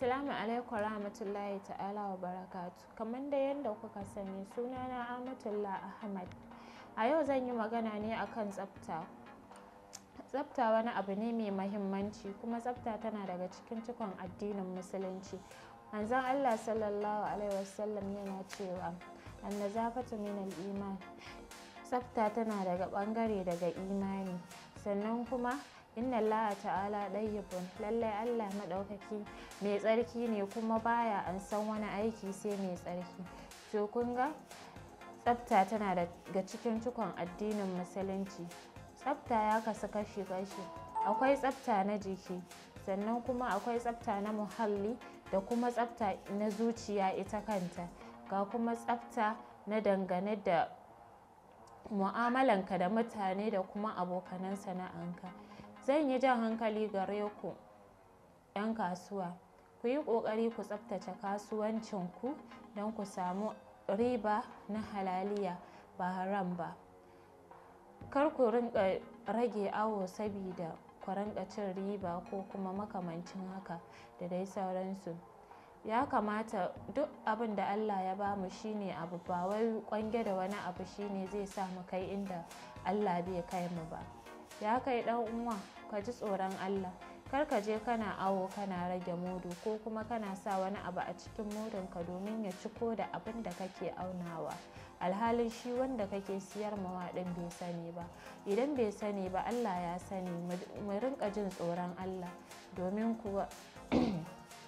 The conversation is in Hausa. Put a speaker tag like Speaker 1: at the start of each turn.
Speaker 1: salamu alaikum rahmatullahi ta'ala wa barakatu. Kamar da yadda kuka sani sunana Amatullah Ahmad. A yau zan yi magana ne akan tsafta. Tsafta wani abu ne mai mahimmanci kuma tsafta tana daga cikin cikon addinin musulunci. Manzon Allah sallallahu alaihi wasallam yana cewa annazafatu min al-iman. Tsafta tana daga ɓangare daga imani sannan kuma inna Allah ta'ala dayyibun lallai Allah maɗaukaki mai tsarki ne kuma baya an san wani aiki sai mai tsarki to kun ga tsafta tana daga cikin cikon addinin musulunci tsafta ya kasu kashi kashi akwai tsafta na jiki sannan kuma akwai tsafta na muhalli da kuma tsafta na zuciya ita kanta ga kuma tsafta na dangane da mu'amalanka da mutane da kuma abokanan sana'anka zan yi jan hankali gare ku 'yan kasuwa ku yi ƙoƙari ku tsaftace kasuwancinku don ku samu riba na halaliya ba haram ba kar ku rinka rage awo sabida ku rinka cin riba ko kuma makamancin haka da dai sauransu ya kamata duk abin da allah ya bamu shine abu ba wai kwange da wani abu shine zai sa mu kai inda allah bai kai mu ba ya kai dan uwa ka ji tsoron allah kar ka je kana awo kana rage mudu ko kuma kana sa wani abu a cikin ka domin ya ciko da abin da kake aunawa alhalin shi wanda kake siyar mawa din bai sani ba idan bai sani ba allah ya sani mu rinka jin tsoron allah domin kuwa